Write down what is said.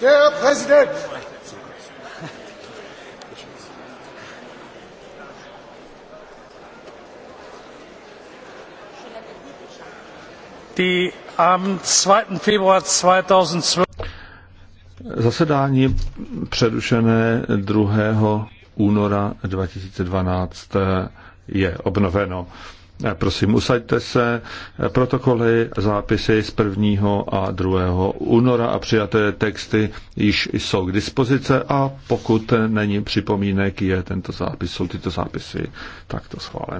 Der Präsident! Die am 2. Februar 2012 Zasedání přerušené 2. února 2012 je obnoveno. Eh, prosím, usaďte se. Eh, protokoly, zápisy z 1. a 2. února a přijaté texty již jsou k dispozice a pokud není připomínek, je tento zápis, jsou tyto zápisy takto schválené.